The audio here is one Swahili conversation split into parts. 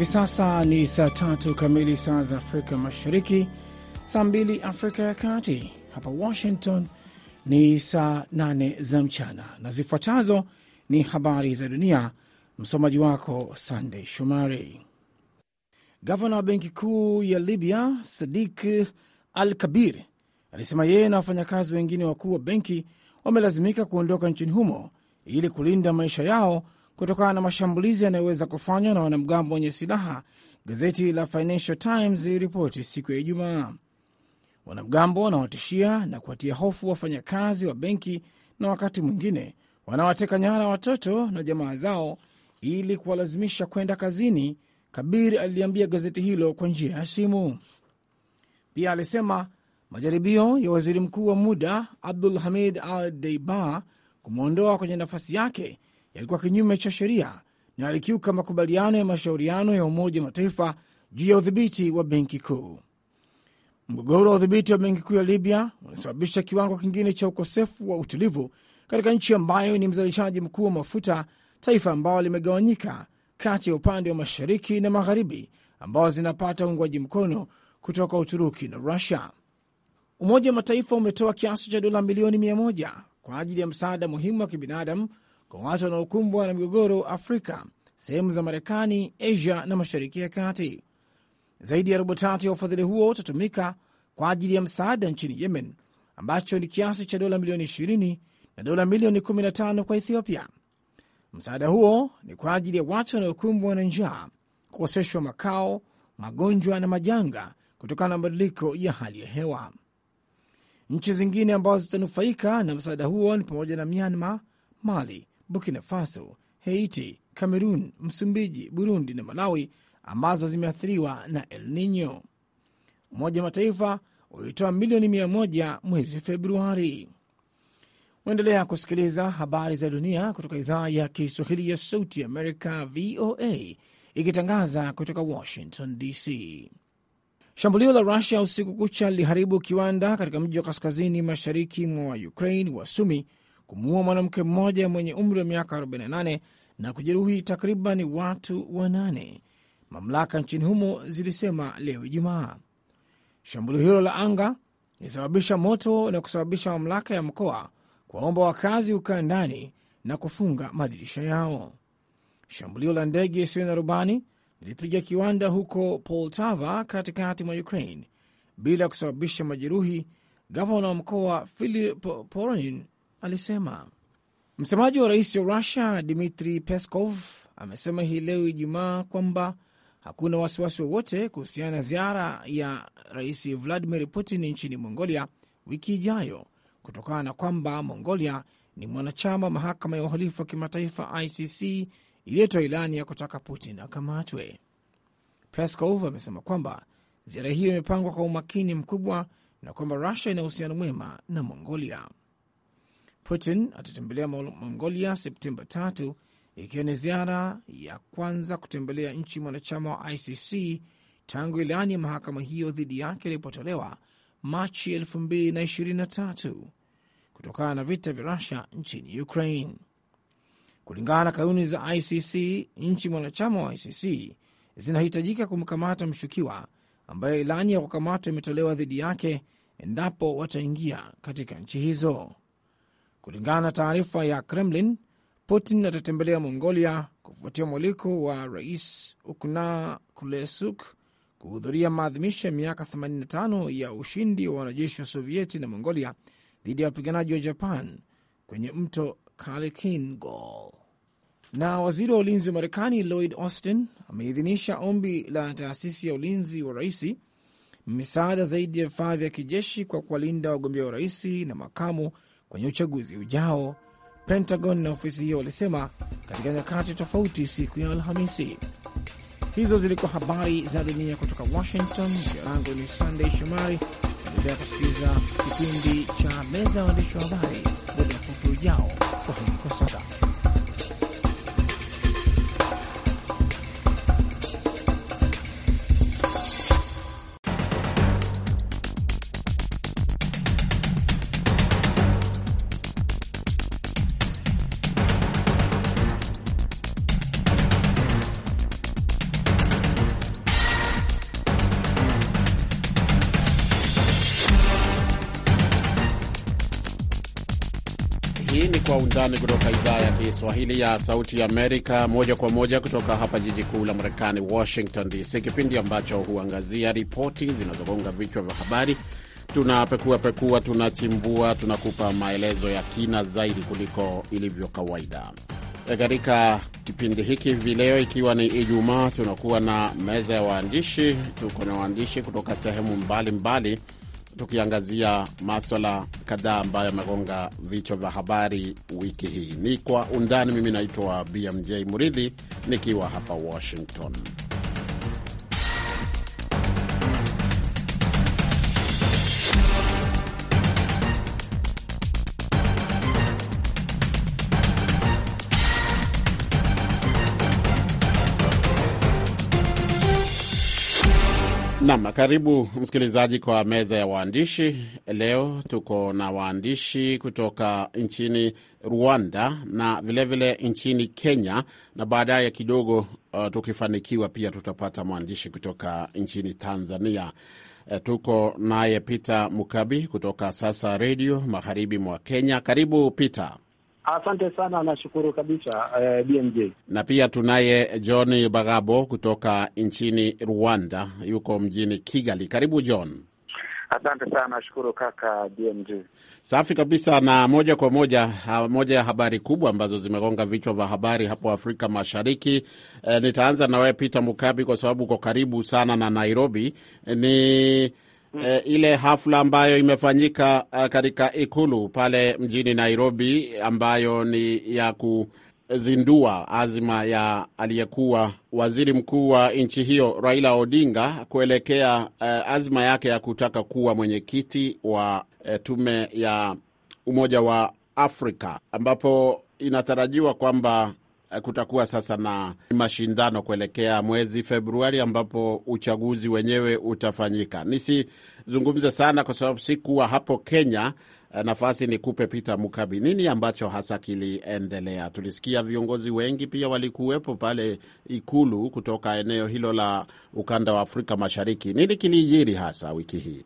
Hivi sasa ni saa tatu kamili saa za Afrika Mashariki, saa mbili Afrika ya Kati. Hapa Washington ni saa nane za mchana, na zifuatazo ni habari za dunia. Msomaji wako Sandey Shomari. Gavana wa benki kuu ya Libya Sadik Al Kabir alisema yeye na wafanyakazi wengine wakuu wa benki wamelazimika kuondoka nchini humo ili kulinda maisha yao kutokana na mashambulizi yanayoweza kufanywa na wanamgambo wenye silaha, gazeti la Financial Times liliripoti siku ya Ijumaa. Wanamgambo wanawatishia na kuwatia hofu wafanyakazi wa benki na wakati mwingine wanawateka nyara watoto na jamaa zao ili kuwalazimisha kwenda kazini, Kabir aliliambia gazeti hilo kwa njia ya simu. Pia alisema majaribio ya waziri mkuu wa muda Abdul Hamid al Deiba kumwondoa kwenye nafasi yake yalikuwa kinyume cha sheria na yalikiuka makubaliano ya mashauriano ya Umoja wa Mataifa juu ya udhibiti wa benki kuu. Mgogoro wa udhibiti wa benki kuu ya Libya unasababisha kiwango kingine cha ukosefu wa utulivu katika nchi ambayo ni mzalishaji mkuu wa mafuta, taifa ambalo limegawanyika kati ya upande wa mashariki na magharibi ambao zinapata uungwaji mkono kutoka Uturuki na Rusia. Umoja wa Mataifa umetoa kiasi cha dola milioni mia moja kwa ajili ya msaada muhimu wa kibinadamu kwa watu wanaokumbwa na migogoro Afrika, sehemu za Marekani, Asia na Mashariki ya Kati. Zaidi ya robo tatu ya ufadhili huo utatumika kwa ajili ya msaada nchini Yemen, ambacho ni kiasi cha dola milioni 20 na dola milioni 15 kwa Ethiopia. Msaada huo ni kwa ajili ya watu wanaokumbwa na njaa, kukoseshwa makao, magonjwa na majanga kutokana na mabadiliko ya hali ya hewa. Nchi zingine ambazo zitanufaika na msaada huo ni pamoja na Myanmar, Mali, Burkina Faso, Haiti, Kamerun, Msumbiji, Burundi na Malawi ambazo zimeathiriwa na El Nino. Umoja wa Mataifa ulitoa milioni mia moja mwezi Februari. Unaendelea kusikiliza habari za dunia kutoka idhaa ya Kiswahili ya Sauti ya Amerika, VOA, ikitangaza kutoka Washington DC. Shambulio la Rusia usiku kucha liliharibu kiwanda katika mji wa kaskazini mashariki mwa Ukraine wa Sumi kumuua mwanamke mmoja mwenye umri wa miaka 48 na kujeruhi takriban watu wanane, mamlaka nchini humo zilisema leo Ijumaa. Shambulio hilo la anga lilisababisha moto na kusababisha mamlaka ya mkoa kuwaomba wakazi kukaa ndani na kufunga madirisha yao. Shambulio la ndege isiyo na rubani lilipiga kiwanda huko Poltava katikati mwa Ukraine bila kusababisha majeruhi. Gavana wa mkoa Philip Porin alisema. Msemaji wa rais wa Rusia Dmitri Peskov amesema hii leo Ijumaa kwamba hakuna wasiwasi wowote kuhusiana na ziara ya rais Vladimir Putin nchini Mongolia wiki ijayo kutokana na kwamba Mongolia ni mwanachama mahakama ya uhalifu wa kimataifa ICC iliyotoa ilani ya kutaka Putin akamatwe. Peskov amesema kwamba ziara hiyo imepangwa kwa umakini mkubwa na kwamba Rusia ina uhusiano mwema na Mongolia. Putin atatembelea Mongolia Septemba tatu, ikiwa ni ziara ya kwanza kutembelea nchi mwanachama wa ICC tangu ilani ya mahakama hiyo dhidi yake ilipotolewa Machi 2023 kutokana na vita vya Rusia nchini Ukraine. Kulingana na kanuni za ICC, nchi mwanachama wa ICC zinahitajika kumkamata mshukiwa ambayo ilani ya kukamatwa imetolewa dhidi yake endapo wataingia katika nchi hizo. Kulingana na taarifa ya Kremlin, Putin atatembelea Mongolia kufuatia mwaliko wa Rais Ukna Kulesuk kuhudhuria maadhimisho ya miaka 85 ya ushindi wa wanajeshi wa Sovieti na Mongolia dhidi ya wapiganaji wa Japan kwenye mto Kalakingol. Na waziri wa ulinzi wa Marekani Lloyd Austin ameidhinisha ombi la taasisi ya ulinzi wa raisi misaada zaidi ya vifaa vya kijeshi kwa kuwalinda wagombea wa raisi na makamu kwenye uchaguzi ujao, Pentagon na ofisi hiyo walisema katika nyakati tofauti siku ya Alhamisi. Hizo zilikuwa habari za dunia kutoka Washington. Jina langu ni Sandey Shomari. Endelea kusikiliza kipindi cha meza ya waandishi wa habari muda mfupi ujao. Kwa hivi kwa sasa Kwa Undani kutoka idhaa ya Kiswahili ya Sauti ya Amerika, moja kwa moja kutoka hapa jiji kuu la Marekani, Washington DC, kipindi ambacho huangazia ripoti zinazogonga vichwa vya habari. Tunapekua pekua, tunachimbua, tunakupa maelezo ya kina zaidi kuliko ilivyo kawaida. E, katika kipindi hiki hivi leo, ikiwa ni Ijumaa, tunakuwa na meza ya waandishi. Tuko na waandishi kutoka sehemu mbalimbali mbali tukiangazia maswala kadhaa ambayo yamegonga vichwa vya habari wiki hii. Ni kwa undani. Mimi naitwa BMJ Muridhi nikiwa hapa Washington. Nam, karibu msikilizaji kwa meza ya waandishi. Leo tuko na waandishi kutoka nchini Rwanda na vilevile vile nchini Kenya, na baadaye kidogo uh, tukifanikiwa pia tutapata mwandishi kutoka nchini Tanzania. E, tuko naye Peter Mukabi kutoka Sasa Redio magharibi mwa Kenya. Karibu Peter. Asante sana, nashukuru kabisa eh, BMJ. Na pia tunaye John Bagabo kutoka nchini Rwanda, yuko mjini Kigali. Karibu John. Asante sana, nashukuru kaka BMJ. Safi kabisa, na moja kwa moja, moja ya habari kubwa ambazo zimegonga vichwa vya habari hapo Afrika Mashariki. E, nitaanza na wewe Peter Mukabi kwa sababu uko karibu sana na Nairobi. Eh, ni e, ile hafla ambayo imefanyika eh, katika ikulu pale mjini Nairobi ambayo ni ya kuzindua azima ya aliyekuwa waziri mkuu wa nchi hiyo Raila Odinga kuelekea e, eh, azima yake ya kutaka kuwa mwenyekiti wa e, tume ya Umoja wa Afrika ambapo inatarajiwa kwamba kutakuwa sasa na mashindano kuelekea mwezi Februari ambapo uchaguzi wenyewe utafanyika. Nisizungumze sana kwa sababu sikuwa hapo Kenya. Eh, nafasi ni kupe Peter Mukabi, nini ambacho hasa kiliendelea? Tulisikia viongozi wengi pia walikuwepo pale Ikulu kutoka eneo hilo la ukanda wa Afrika Mashariki. Nini kilijiri hasa wiki hii?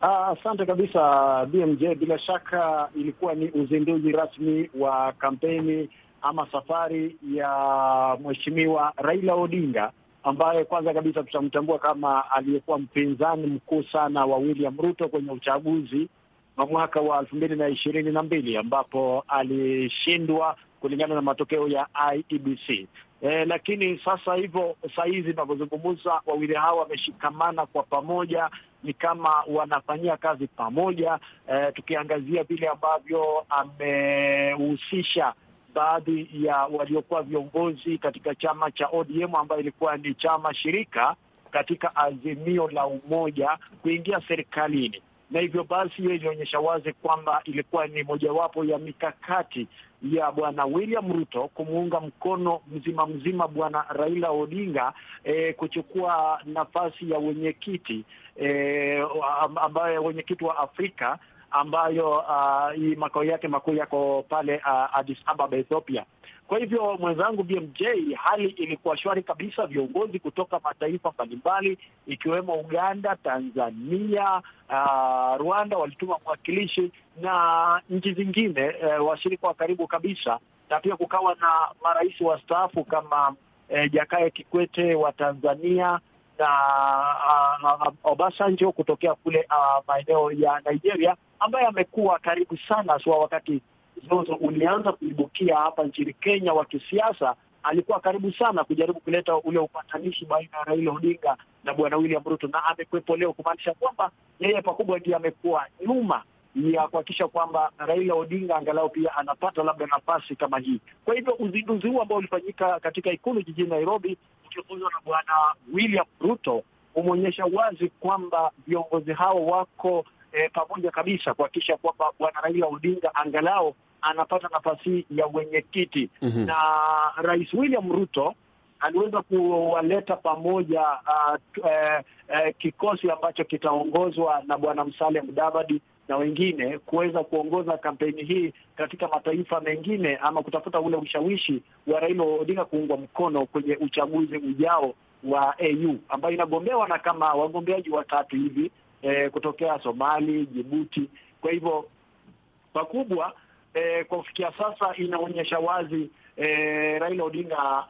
Ah, asante ah, kabisa BMJ. Bila shaka ilikuwa ni uzinduzi rasmi wa kampeni ama safari ya mheshimiwa Raila Odinga ambaye kwanza kabisa tutamtambua kama aliyekuwa mpinzani mkuu sana wa William Ruto kwenye uchaguzi wa mwaka wa elfu mbili na ishirini na mbili ambapo alishindwa kulingana na matokeo ya IEBC. E, lakini sasa hivyo sahizi hizi inavyozungumza wawili hao wameshikamana kwa pamoja, ni kama wanafanyia kazi pamoja. E, tukiangazia vile ambavyo amehusisha baadhi ya waliokuwa viongozi katika chama cha ODM ambayo ilikuwa ni chama shirika katika azimio la umoja kuingia serikalini, na hivyo basi hiyo ilionyesha wazi kwamba ilikuwa ni mojawapo ya mikakati ya Bwana William Ruto kumuunga mkono mzima mzima Bwana Raila Odinga e, kuchukua nafasi ya wenyekiti e, ambaye wenyekiti wa Afrika ambayo uh, makao yake makuu yako pale uh, Addis Ababa, Ethiopia. Kwa hivyo mwenzangu BMJ, hali ilikuwa shwari kabisa. Viongozi kutoka mataifa mbalimbali ikiwemo Uganda, Tanzania, uh, Rwanda walituma mwakilishi na nchi zingine uh, washirika wa karibu kabisa, na pia kukawa na marais wastaafu kama uh, eh, Jakaya Kikwete wa Tanzania na Obasanjo kutokea kule maeneo ya Nigeria, ambaye amekuwa karibu sana swa wakati zozo ulianza kuibukia hapa nchini Kenya wa kisiasa alikuwa karibu sana kujaribu kuleta ule upatanishi baina ya Raila Odinga na bwana William Ruto, na amekwepo leo, kumaanisha kwamba yeye pakubwa ndiye amekuwa nyuma ya kuhakikisha kwamba Raila Odinga angalau pia anapata labda nafasi kama hii. Kwa hivyo uzinduzi huu ambao ulifanyika katika ikulu jijini Nairobi ukiongozwa na Bwana William Ruto umeonyesha wazi kwamba viongozi hao wako eh, pamoja kabisa kuhakikisha kwamba Bwana Raila Odinga angalau anapata nafasi ya wenyekiti mm -hmm. na Rais William Ruto aliweza kuwaleta pamoja uh, uh, uh, kikosi ambacho kitaongozwa na Bwana Musalia Mudavadi na wengine kuweza kuongoza kampeni hii katika mataifa mengine ama kutafuta ule ushawishi wa Raila Odinga kuungwa mkono kwenye uchaguzi ujao wa AU ambayo inagombewa na kama wagombeaji watatu hivi eh, kutokea Somali, Jibuti. Kwa hivyo pakubwa eh, kwa kufikia sasa inaonyesha wazi E, Raila Odinga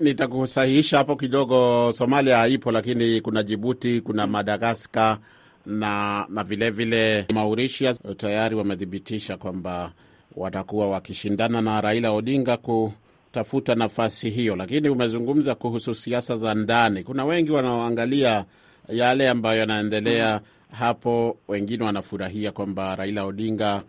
nitakusahihisha hapo kidogo. Somalia haipo, lakini kuna Jibuti, kuna Madagaskar na na vilevile Mauritius tayari wamethibitisha kwamba watakuwa wakishindana na Raila Odinga kutafuta nafasi hiyo. Lakini umezungumza kuhusu siasa za ndani, kuna wengi wanaoangalia yale ambayo yanaendelea mm hapo wengine wanafurahia kwamba Raila Odinga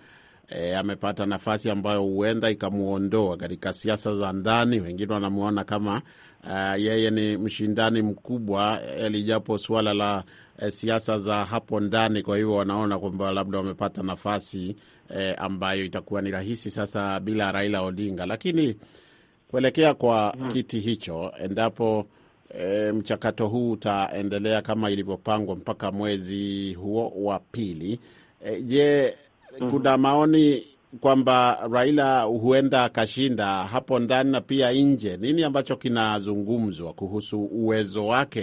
E, amepata nafasi ambayo huenda ikamwondoa katika siasa za ndani. Wengine wanamwona kama uh, yeye ni mshindani mkubwa, e, lijapo suala la e, siasa za hapo ndani. Kwa hivyo wanaona kwamba labda wamepata nafasi e, ambayo itakuwa ni rahisi sasa bila Raila Odinga, lakini kuelekea kwa hmm. kiti hicho endapo e, mchakato huu utaendelea kama ilivyopangwa mpaka mwezi huo wa pili. E, je, mm -hmm. kuna maoni kwamba Raila huenda akashinda hapo ndani na pia nje. Nini ambacho kinazungumzwa kuhusu uwezo wake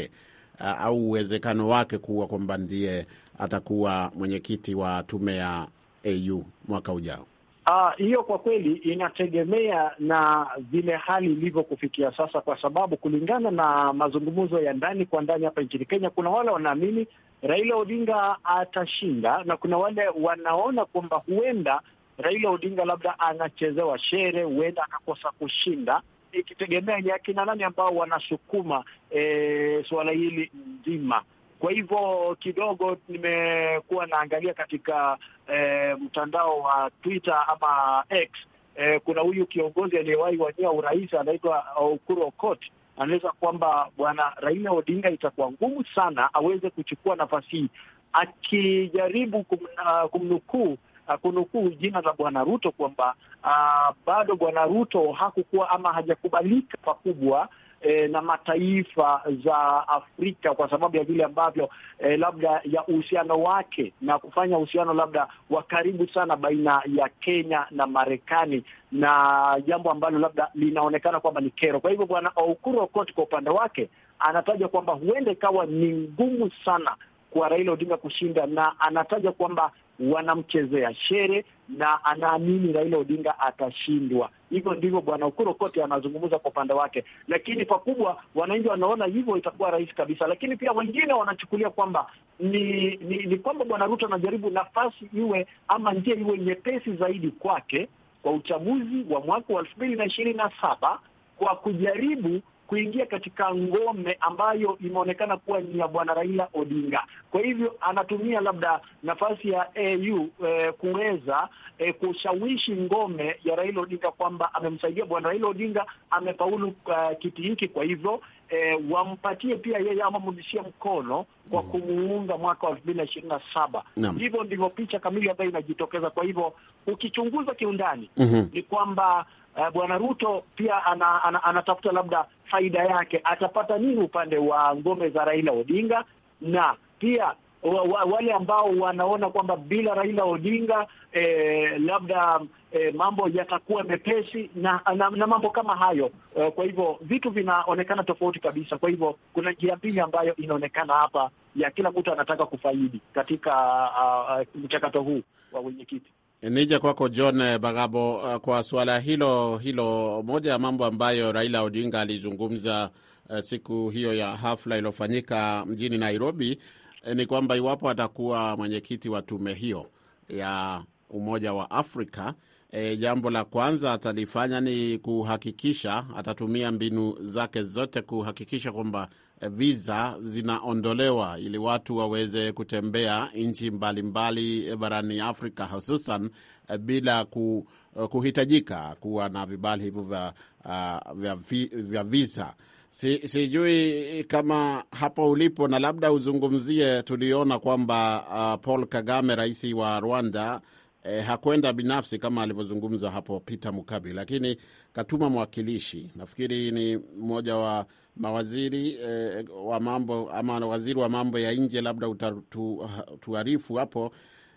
eh, au uwezekano wake kuwa kwamba ndiye atakuwa mwenyekiti wa tume ya AU mwaka ujao? Ah, hiyo kwa kweli inategemea na vile hali ilivyo kufikia sasa, kwa sababu kulingana na mazungumzo ya ndani kwa ndani hapa nchini Kenya, kuna wale wanaamini Raila Odinga atashinda na kuna wale wanaona kwamba huenda Raila Odinga labda anachezewa shere, huenda akakosa kushinda, ikitegemea ni akina nani ambao wanasukuma e, suala hili nzima kwa hivyo kidogo nimekuwa naangalia katika e, mtandao wa Twitter ama X e, kuna huyu kiongozi aliyewahi wania urais anaitwa Ukuru Okot anaeleza kwamba bwana Raila Odinga itakuwa ngumu sana aweze kuchukua nafasi hii, akijaribu ah, kumnukuu ah, kunukuu jina la bwana Ruto kwamba ah, bado bwana Ruto hakukuwa ama hajakubalika pakubwa eh, na mataifa za Afrika kwa sababu ya vile ambavyo eh, labda ya uhusiano wake na kufanya uhusiano labda wa karibu sana baina ya Kenya na Marekani, na jambo ambalo labda linaonekana kwamba ni kero. Kwa hivyo Bwana Okuru Okot kwa upande wake anataja kwamba huenda ikawa ni ngumu sana kwa Raila Odinga kushinda, na anataja kwamba wanamchezea shere na anaamini Raila Odinga atashindwa. Hivyo ndivyo bwana Ukuro kote anazungumza kwa upande wake, lakini pakubwa wananchi wanaona hivyo itakuwa rahisi kabisa, lakini pia wengine wanachukulia kwamba ni, ni, ni kwamba bwana Ruto anajaribu nafasi iwe ama njia iwe nyepesi zaidi kwake kwa uchaguzi wa mwaka wa elfu mbili na ishirini na saba kwa kujaribu kuingia katika ngome ambayo imeonekana kuwa ni ya bwana Raila Odinga. Kwa hivyo anatumia labda nafasi ya AU eh, kuweza eh, kushawishi ngome ya Raila Odinga kwamba amemsaidia bwana Raila Odinga, amefaulu uh, kiti hiki, kwa hivyo eh, wampatie pia yeye ama mrudishie mkono kwa mm, kumuunga mwaka wa elfu mbili na ishirini na saba. Hivyo ndivyo picha kamili ambayo inajitokeza. Kwa hivyo ukichunguza kiundani, mm -hmm. ni kwamba uh, bwana Ruto pia anatafuta ana, ana, ana labda faida yake atapata nini upande wa ngome za Raila Odinga na pia wa, wa, wale ambao wanaona kwamba bila Raila Odinga eh, labda eh, mambo yatakuwa mepesi na, na, na mambo kama hayo eh, kwa hivyo vitu vinaonekana tofauti kabisa. Kwa hivyo kuna njia mbili ambayo inaonekana hapa ya kila mtu anataka kufaidi katika uh, uh, mchakato huu wa wenyekiti. Nije kwako John Bagabo, uh, kwa suala hilo hilo, moja ya mambo ambayo Raila Odinga alizungumza uh, siku hiyo ya hafla iliyofanyika mjini Nairobi uh, ni kwamba iwapo atakuwa mwenyekiti wa tume hiyo ya Umoja wa Afrika e, jambo la kwanza atalifanya ni kuhakikisha atatumia mbinu zake zote kuhakikisha kwamba e, viza zinaondolewa ili watu waweze kutembea nchi mbalimbali e, barani Afrika hususan e, bila ku, kuhitajika kuwa na vibali hivyo vya, uh, vya, vi, vya visa. Si, sijui kama hapo ulipo na labda uzungumzie, tuliona kwamba uh, Paul Kagame rais wa Rwanda eh, hakwenda binafsi kama alivyozungumza hapo Peter Mukabi, lakini katuma mwakilishi, nafikiri ni mmoja wa mawaziri eh, wa mambo ama waziri wa mambo ya nje, labda utatuarifu tu hapo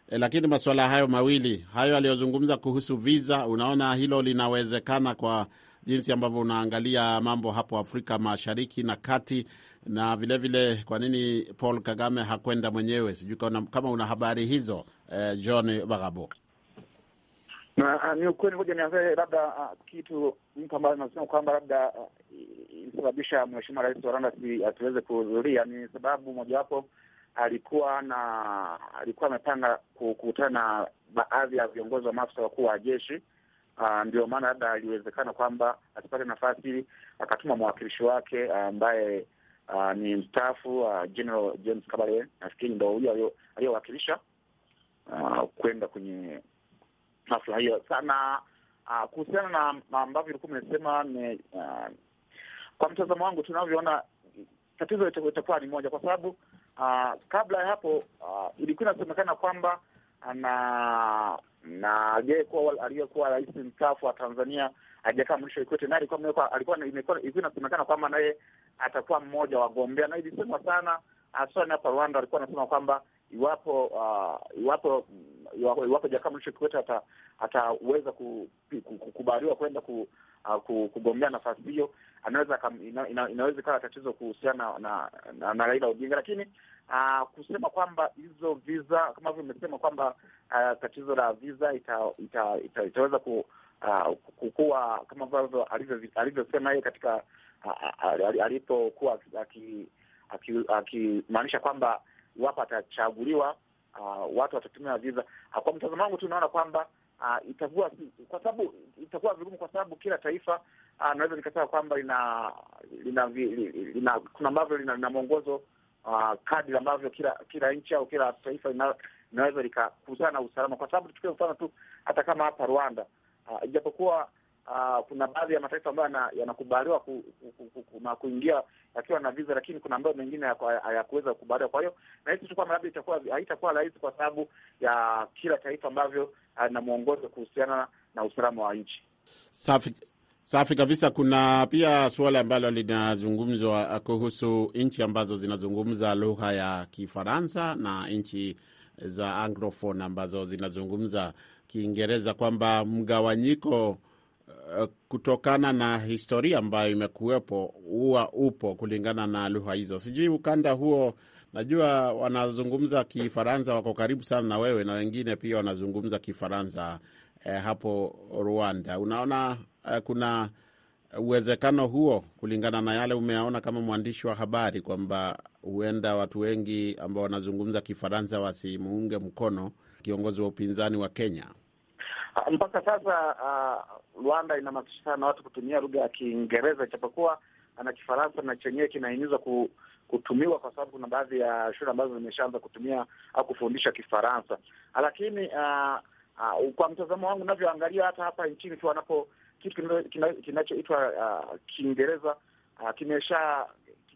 e, lakini masuala hayo mawili hayo aliyozungumza kuhusu visa, unaona hilo linawezekana kwa jinsi ambavyo unaangalia mambo hapo Afrika Mashariki na Kati na vilevile vile, kwa nini Paul Kagame hakwenda mwenyewe? Sijui kama una habari hizo eh, John Bagabo. Na ah, ni ukweli, moja nianze labda ah, kitu mtu ambaye anasema kwamba labda ah, ilisababisha mheshimiwa rais wa Rwanda asiweze kuhudhuria ni sababu mojawapo alikuwa na alikuwa amepanga kukutana na baadhi ya viongozi wa maafisa wakuu wa jeshi. Uh, ndio maana labda aliwezekana kwamba asipate nafasi, akatuma mwakilishi wake ambaye uh, uh, ni mstaafu uh, General James Kabarebe, nafikiri ndo huyo aliyowakilisha uh, ah, kwenda kwenye hafla hiyo sana. Uh, kuhusiana na ambavyo ilikuwa imesema ni uh, kwa mtazamo wangu tunavyoona tatizo itakuwa ni moja, kwa sababu uh, kabla ya hapo uh, ilikuwa inasemekana kwamba na na aliyekuwa aliyekuwa rais mstaafu wa Tanzania hajakaa Mrisho Kikwete naye alikuwa imekuwa ilikuwa inasemekana kwamba naye atakuwa mmoja wagombea, na ilisemwa sana haswani hapa Rwanda walikuwa wanasema kwamba iwapo uh, iwapo mm, iwapo, iwapo Jakaya Mrisho Kikwete ata, ataweza kukubaliwa kwenda ku, uh, ku, kugombea nafasi hiyo anaweza ina, ina, inaweza ikawa tatizo kuhusiana na, na, na Raila Odinga, lakini uh, kusema kwamba hizo visa kama vile imesema kwamba uh, tatizo la visa ita, ita, ita, itaweza ku, uh, kukua kama ambavyo alivyosema yeye katika alipokuwa akimaanisha kwamba iwapo atachaguliwa uh, watu watatumia viza. Kwa mtazamo wangu tu naona kwamba uh, itakuwa kwa sababu itakuwa vigumu, kwa sababu kila taifa uh, naweza nikasema kwamba lina, lina, lina, lina kuna ambavyo lina, lina mwongozo uh, kadi ambavyo kila kila nchi au kila taifa linaweza likakuzana na usalama, kwa sababu tuchukue mfano tu hata kama hapa Rwanda ijapokuwa uh, kuna baadhi ya mataifa ambayo yanakubaliwa na kuingia yakiwa na visa, lakini kuna ambayo mengine hayakuweza kukubaliwa. Kwa hiyo nahisi tu kwamba labda itakuwa haitakuwa rahisi kwa sababu ya kila taifa ambavyo ah, na mwongozo kuhusiana na usalama wa nchi. Safi. Safi kabisa. Kuna pia suala ambalo linazungumzwa ah, kuhusu nchi ambazo zinazungumza lugha ya Kifaransa na nchi za anglofon ambazo zinazungumza Kiingereza, kwamba mgawanyiko Eh, kutokana na historia ambayo imekuwepo huwa upo kulingana na lugha hizo. Sijui ukanda huo, najua wanazungumza Kifaransa, wako karibu sana na wewe, na wengine pia wanazungumza Kifaransa eh, hapo Rwanda. Unaona eh, kuna uwezekano huo kulingana na yale umeaona kama mwandishi wa habari kwamba huenda watu wengi ambao wanazungumza Kifaransa wasimuunge mkono kiongozi wa upinzani wa Kenya? Ah, mpaka sasa uh, Rwanda sana watu kutumia lugha ya Kiingereza ichapokuwa na Kifaransa na chenyewe kinahimizwa ku, kutumiwa kwa sababu kuna baadhi ya shule ambazo zimeshaanza kutumia au kufundisha Kifaransa. Ah, lakini uh, uh, kwa mtazamo wangu unavyoangalia hata hapa nchini tu wanapo kitu kinachoitwa uh, Kiingereza uh, kimesha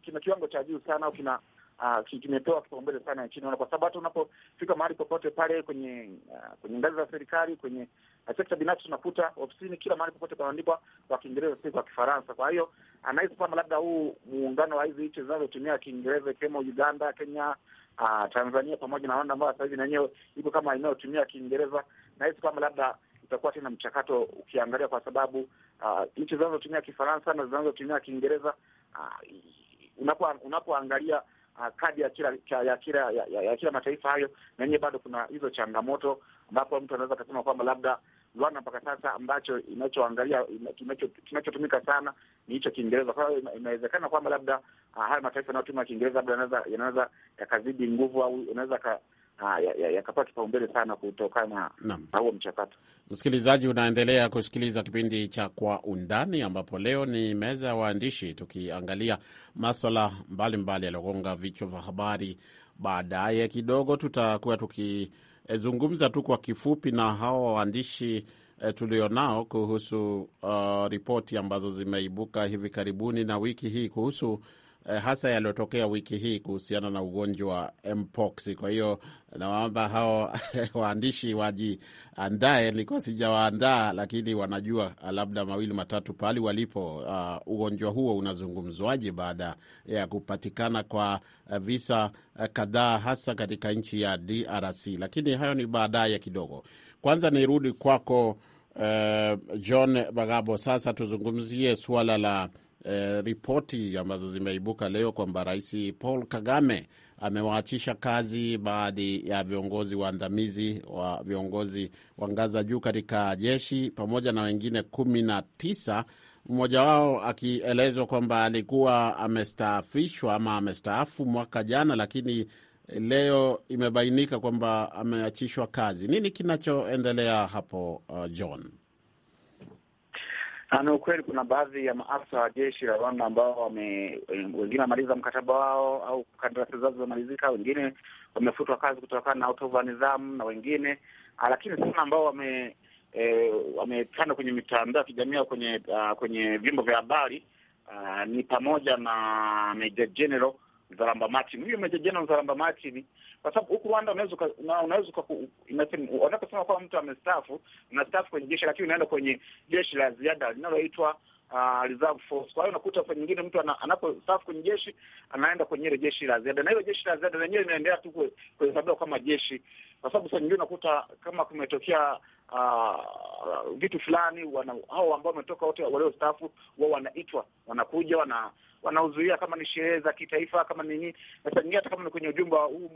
kina kiwango cha juu sana au kina uh, kimepewa kipaumbele sana nchini, kwa sababu hata unapofika mahali popote pale kwenye uh, kwenye ngazi za serikali, kwenye uh, sekta binafsi, unakuta ofisini kila mahali popote panaandikwa kwa Kiingereza, si kwa Kifaransa. Kwa hiyo anahisi kwamba labda huu muungano wa hizi nchi zinazotumia Kiingereza ikiwemo Uganda, Kenya, uh, Tanzania pamoja na Rwanda ambayo sasa hivi na iko kama inayotumia Kiingereza, nahisi kwamba labda itakuwa tena mchakato ukiangalia, kwa sababu uh, nchi zinazotumia Kifaransa na zinazotumia Kiingereza uh, unapoangalia unapo uh, kadi ya kila ya kila ya, ya, ya kila mataifa hayo, na yenyewe bado kuna hizo changamoto, ambapo mtu anaweza akasema kwamba labda Rwanda mpaka sasa ambacho inachoangalia kinachotumika sana ni hicho Kiingereza. Kwa hiyo inawezekana kwamba labda uh, haya mataifa yanayotumia Kiingereza labda yanaweza yanaweza yakazidi nguvu au yanaweza yakapata ya, ya kipaumbele sana kutokana na huo mchakato. Msikilizaji, unaendelea kusikiliza kipindi cha Kwa Undani, ambapo leo ni meza ya waandishi tukiangalia maswala mbalimbali yaliyogonga vichwa vya habari. Baadaye kidogo tutakuwa tukizungumza tu kwa kifupi na hawa waandishi eh, tulionao kuhusu uh, ripoti ambazo zimeibuka hivi karibuni na wiki hii kuhusu eh, hasa yaliyotokea wiki hii kuhusiana na ugonjwa wa mpox. Kwa hiyo nawaomba hao waandishi wajiandae, nilikuwa sijawaandaa, lakini wanajua ah, labda mawili matatu pahali walipo. Uh, ugonjwa huo unazungumzwaje baada ya kupatikana kwa eh, visa eh, kadhaa hasa katika nchi ya DRC, lakini hayo ni baadaye kidogo. Kwanza nirudi kwako, uh, John Bagabo, sasa tuzungumzie suala la eh, ripoti ambazo zimeibuka leo kwamba Rais Paul Kagame amewaachisha kazi baadhi ya viongozi waandamizi wa viongozi wa ngazi za juu katika jeshi pamoja na wengine kumi na tisa mmoja wao akielezwa kwamba alikuwa amestaafishwa ama amestaafu mwaka jana, lakini leo imebainika kwamba ameachishwa kazi. Nini kinachoendelea hapo, uh, John? Ah, ni ukweli kuna baadhi ya maafisa wa jeshi la Rwanda ambao wame, eh, wengine wamaliza mkataba wao au kandarasi zao zimemalizika, wengine wamefutwa kazi kutokana na utovu wa nidhamu na wengine, ah, lakini sana ambao wame e, wamepanda kwenye mitandao ya kijamii au kwenye uh, kwenye vyombo vya habari uh, ni pamoja na Meja Jenerali Zaramba Martin, Huyo Meja Jenerali Zaramba Martin, kwa sababu huku Rwanda unaweza unaweza kwamba mtu amestaafu, unastaafu kwenye jeshi, lakini unaenda kwenye jeshi la ziada linaloitwa Uh, reserve force. Kwa hiyo unakuta kwa nyingine mtu anapostaafu kwenye jeshi anaenda kwenye ile jeshi la ziada, na hiyo jeshi la ziada lenyewe inaendelea tu kuhesabiwa kama jeshi, kwa sababu saa nyingine unakuta kama kumetokea uh, vitu fulani wana, hao ambao wametoka wote waliostaafu wao wanaitwa, wanakuja wana wanaozuia kama ni sherehe za kitaifa, kama nini, sasa hata kama ni kwenye ujumbe huu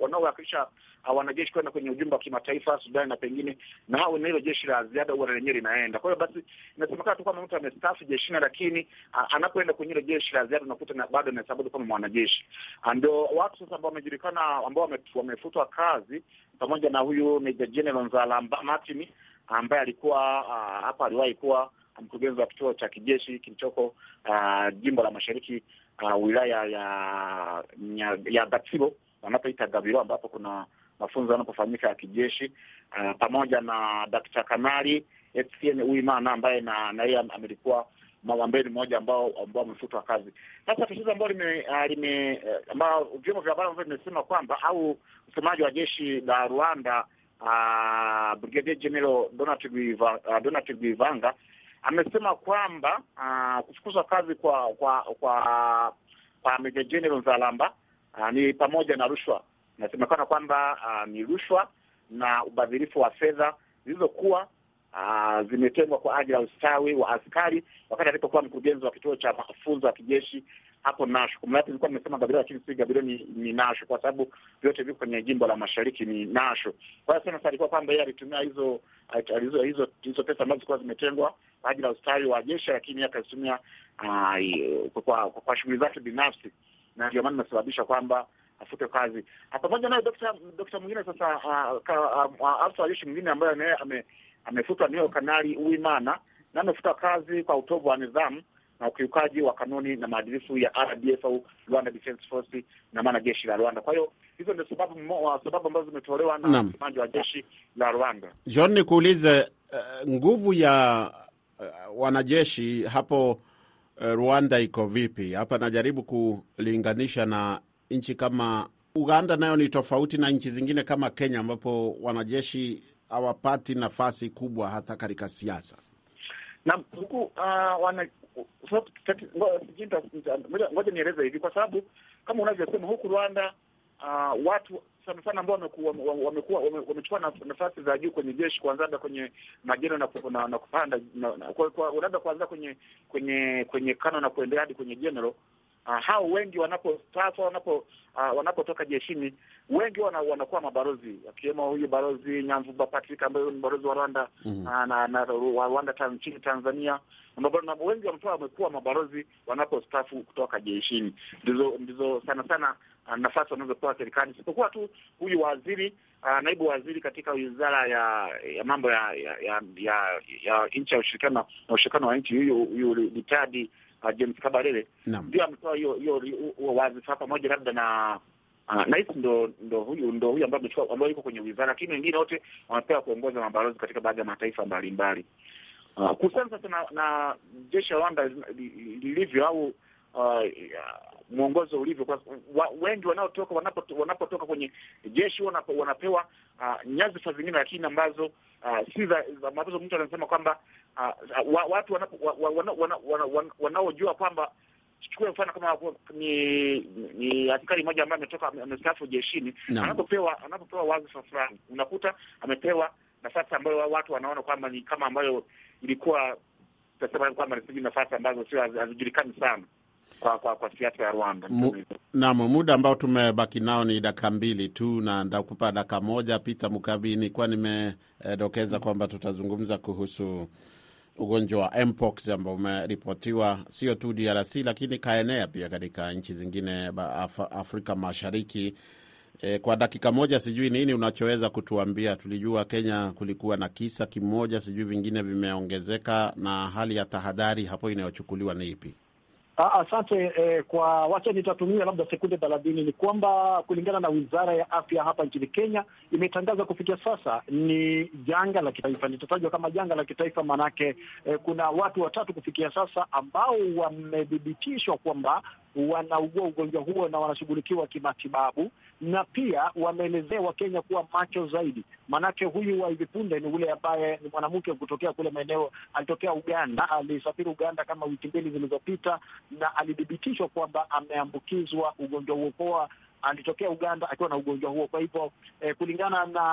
wanaowakilisha uh, wanajeshi kwenda kwenye ujumbe wa kimataifa Sudani na pengine na hao, na hilo jeshi la ziada huwa lenyewe linaenda. Kwa hiyo basi inasemekana tu kama mtu amestaafu jeshini, lakini uh, anapoenda kwenye ile jeshi la ziada unakuta na bado anahesabu kama mwanajeshi. Uh, ndio watu sasa ambao wamejulikana ambao wamefutwa kazi pamoja na huyu Meja Jenerali Nzala Martin ambaye alikuwa ah, hapa, aliwahi kuwa mkurugenzi wa kituo cha kijeshi kilichoko uh, jimbo la mashariki uh, wilaya ya ya, ya Gatsibo wanapoita Gabiro ambapo kuna mafunzo yanapofanyika ya kijeshi uh, pamoja na Dkt. Kanali Etienne Uimana ambaye na yeye amelikuwa Magambeni mmoja ambao ambao wamefutwa kazi. Sasa tatizo ambalo lime uh, lime uh, ambao vyombo vya habari ambavyo vimesema kwamba au msemaji wa jeshi la Rwanda uh, Brigadier General Donat Bivanga uh, amesema kwamba uh, kufukuzwa kazi kwa kwa kwa kwa Meja General Zalamba uh, ni pamoja na rushwa. Inasemekana kwamba uh, ni rushwa na ubadhirifu wa fedha zilizokuwa Ah, zimetengwa kwa ajili ya ustawi wa askari. Wakati alipokuwa mkurugenzi wa kituo cha mafunzo ya kijeshi hapo Nashu, kumradhi, nilikuwa nimesema Gabiro, lakini si Gabiro, ni, ni Nashu kwa sababu vyote viko kwenye jimbo la mashariki ni Nashu. Kwa hiyo sasa alikuwa kwamba yeye alitumia hizo hizo hizo hizo pesa ambazo zilikuwa zimetengwa kwa ajili ya ustawi wa jeshi, lakini yeye akazitumia ah, kwa, kwa, kwa shughuli zake binafsi, na ndio maana imesababisha kwamba afute kazi ah, pamoja naye dokta mwingine sasa, afisa wa jeshi mwingine ambaye naye amefutwa nio Kanali uimana na amefuta kazi kwa utovu wa nidhamu na ukiukaji wa kanuni na maadilifu ya RDF au Rwanda Defense Force na maana jeshi la Rwanda. Kwa hiyo hizo ndio sababu sababu ambazo zimetolewa na msemaji wa jeshi la Rwanda. John, nikuulize uh, nguvu ya uh, wanajeshi hapo uh, Rwanda iko vipi? Hapa najaribu kulinganisha na nchi kama Uganda, nayo ni tofauti na nchi zingine kama Kenya, ambapo wanajeshi hawapati nafasi kubwa hata katika siasa na huku ah, ngoja nieleze hivi, kwa sababu kama unavyosema huku Rwanda uh, watu sana sana ambao wamekuwa wamechukua nafasi za juu kwenye jeshi, kuanza labda kwenye majeno na, na, na kupanda labda kuanza kwenye kwenye kwenye kano na kuendelea hadi kwenye general uh, hao wengi wanapostaafu wanapo uh, jeshini, wengi wana, wanakuwa mabalozi akiwemo huyu balozi Nyamvumba Patrick ambaye ni balozi wa Rwanda mm -hmm. na, na wa Rwanda nchini Tanzania na wengi wamtoa wamekuwa mabalozi wanapostafu kutoka jeshini, ndizo ndizo sana sana nafasi wanazopewa serikali, isipokuwa tu huyu waziri uh, naibu waziri katika wizara ya ya mambo ya ya ya, ya, ya nchi ya ushirikiano na ushirikiano wa nchi, huyu huyu Litadi uh, James Kabarele ndio ametoa hiyo hiyo huo wazi sasa, pamoja labda na uh, Rais ndo ndo huyu ndo huyu ambaye ambaye yuko kwenye wizara, lakini wengine wote wamepewa kuongoza mabalozi katika baadhi ya mataifa mbalimbali. Uh, kuhusiana sasa na, na jeshi la Rwanda lilivyo au Uh, mwongozo ulivyo kwa wa, wengi wanaotoka wanapotoka wanapo kwenye jeshi wanapo, wanapewa uh, nyadhifa zingine lakini ambazo uh, si za ambazo mtu anasema kwamba watu wanaojua kwamba chukue mfano kama ni, ni askari mmoja ambaye ametoka amestaafu jeshini, anapopewa anapopewa wadhifa fulani, unakuta amepewa nafasi ambayo watu wanaona kwamba ni kama ambayo ilikuwa tasema kwamba sijui nafasi ambazo sio hazijulikani sana kwa kwa, kwa siasa ya Rwanda. Naam, muda ambao tumebaki nao ni dakika mbili tu, na ndakupa dakika moja. Pita Mukabini, kwa nimedokeza kwamba tutazungumza kuhusu ugonjwa wa mpox ambao umeripotiwa sio tu DRC lakini kaenea pia katika nchi zingine Afrika Mashariki. E, kwa dakika moja, sijui nini unachoweza kutuambia? Tulijua Kenya kulikuwa na kisa kimoja, sijui vingine vimeongezeka, na hali ya tahadhari hapo inayochukuliwa ni ipi? Ah, asante eh, kwa wacha nitatumia labda sekunde thelathini. Ni kwamba kulingana na wizara ya afya hapa nchini Kenya imetangaza kufikia sasa ni janga la kitaifa, litatajwa kama janga la kitaifa maanake, eh, kuna watu watatu kufikia sasa ambao wamedhibitishwa kwamba wanaugua ugonjwa huo na wanashughulikiwa kimatibabu, na pia wameelezea Wakenya kuwa macho zaidi, maanake huyu wa hivi punde ni ule ambaye ni mwanamke kutokea kule maeneo, alitokea Uganda, alisafiri Uganda kama wiki mbili zilizopita, na alithibitishwa kwamba ameambukizwa ugonjwa huo poa alitokea Uganda akiwa na ugonjwa huo. Kwa hivyo eh, kulingana na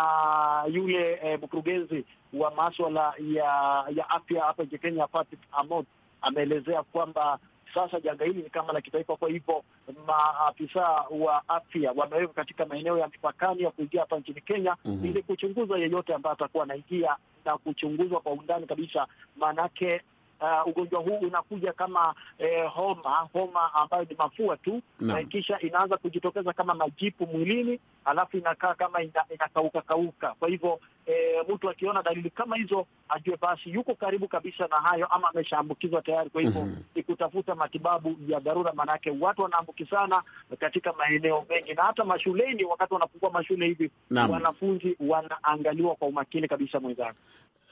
yule eh, mkurugenzi wa maswala ya ya afya hapa nchi Kenya, Patrick Amoth ameelezea kwamba sasa janga hili ni kama la kitaifa, kwa hivyo maafisa wa afya wamewekwa katika maeneo ya mipakani ya kuingia hapa nchini Kenya mm -hmm. ili kuchunguza yeyote ambaye atakuwa anaingia na kuchunguzwa kwa undani kabisa, maanake uh, ugonjwa huu unakuja kama eh, homa homa ambayo ni mafua tu no. Eh, kisha inaanza kujitokeza kama majipu mwilini, alafu inakaa kama inakauka kauka. Kwa hivyo eh, mtu akiona dalili kama hizo ajue basi yuko karibu kabisa na hayo ama ameshaambukizwa tayari. Kwa hivyo mm -hmm. ni kutafuta matibabu ya dharura, maanaake watu wanaambukizana katika maeneo mengi na hata mashuleni. Wakati wanafungua mashule hivi, wanafunzi wanaangaliwa kwa umakini kabisa, mwenzangu.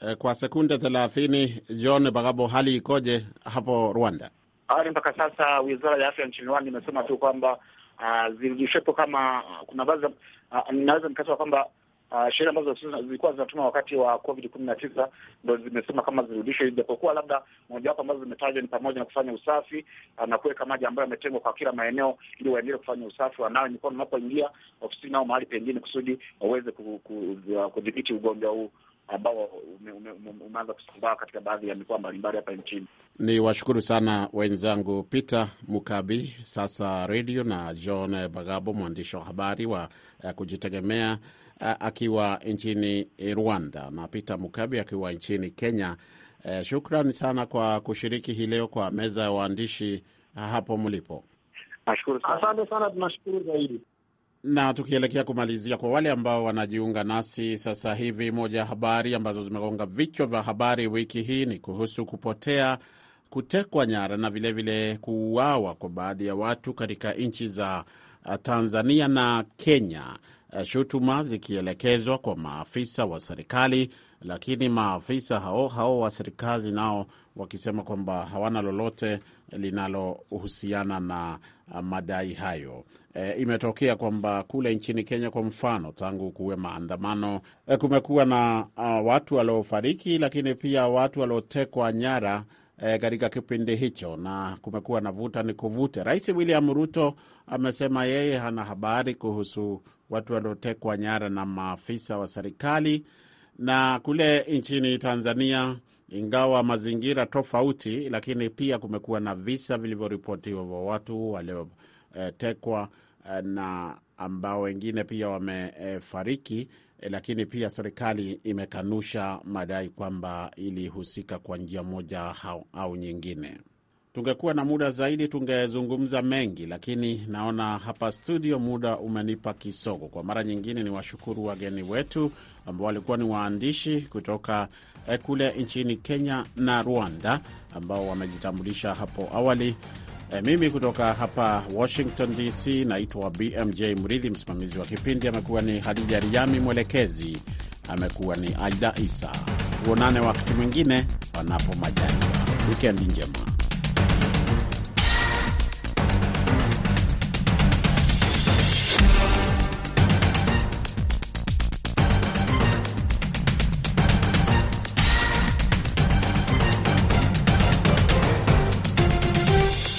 Eh, kwa sekunde thelathini. John Bagabo, hali ikoje hapo Rwanda? Awali mpaka sasa wizara ya afya nchini Rwanda imesema tu kwamba uh, zirudishwepo kama kuna baadhi uh, ah, naweza nikasema kwamba Uh, sheria ambazo zilikuwa zinatuma wakati wa Covid kumi na tisa ndo zimesema kama zirudishwe, ijapokuwa labda mojawapo ambazo zimetajwa ni pamoja na kufanya usafi uh, na kuweka maji ambayo yametengwa kwa kila maeneo, ili waendelee kufanya usafi, wanawe mikono unapoingia ofisini au mahali pengine, kusudi waweze kudhibiti ugonjwa huu ambao umeanza kusambaa katika baadhi ya mikoa mbalimbali hapa nchini. Ni washukuru sana wenzangu Peter Mukabi, sasa redio na John Bagabo, mwandishi wa habari wa eh, kujitegemea eh, akiwa nchini eh, Rwanda na Peter Mukabi akiwa nchini Kenya. Eh, shukran sana kwa kushiriki hii leo kwa meza ya waandishi hapo mlipo. Asante sana, tunashukuru zaidi na tukielekea kumalizia, kwa wale ambao wanajiunga nasi sasa hivi, moja ya habari ambazo zimegonga vichwa vya habari wiki hii ni kuhusu kupotea, kutekwa nyara na vilevile kuuawa kwa baadhi ya watu katika nchi za uh, Tanzania na Kenya, uh, shutuma zikielekezwa kwa maafisa wa serikali, lakini maafisa hao hao wa serikali nao wakisema kwamba hawana lolote linalohusiana na Uh, madai hayo. E, imetokea kwamba kule nchini Kenya kwa mfano, tangu kuwe maandamano e, kumekuwa na a, uh, watu waliofariki, lakini pia watu waliotekwa nyara eh, katika e, kipindi hicho, na kumekuwa na vuta ni kuvute. Rais William Ruto amesema yeye hana habari kuhusu watu waliotekwa nyara na maafisa wa serikali. Na kule nchini Tanzania ingawa mazingira tofauti, lakini pia kumekuwa na visa vilivyoripotiwa vya watu waliotekwa eh, na ambao wengine pia wamefariki, eh, lakini pia serikali imekanusha madai kwamba ilihusika kwa njia moja au nyingine. Tungekuwa na muda zaidi, tungezungumza mengi, lakini naona hapa studio muda umenipa kisogo. Kwa mara nyingine, ni washukuru wageni wetu ambao walikuwa ni waandishi kutoka eh, kule nchini Kenya na Rwanda ambao wamejitambulisha hapo awali. E, mimi kutoka hapa Washington DC naitwa BMJ Mridhi. Msimamizi wa kipindi amekuwa ni Hadija Riami, mwelekezi amekuwa ni Aida Isa. Tuonane wakati mwingine, panapo majani. Wikendi njema.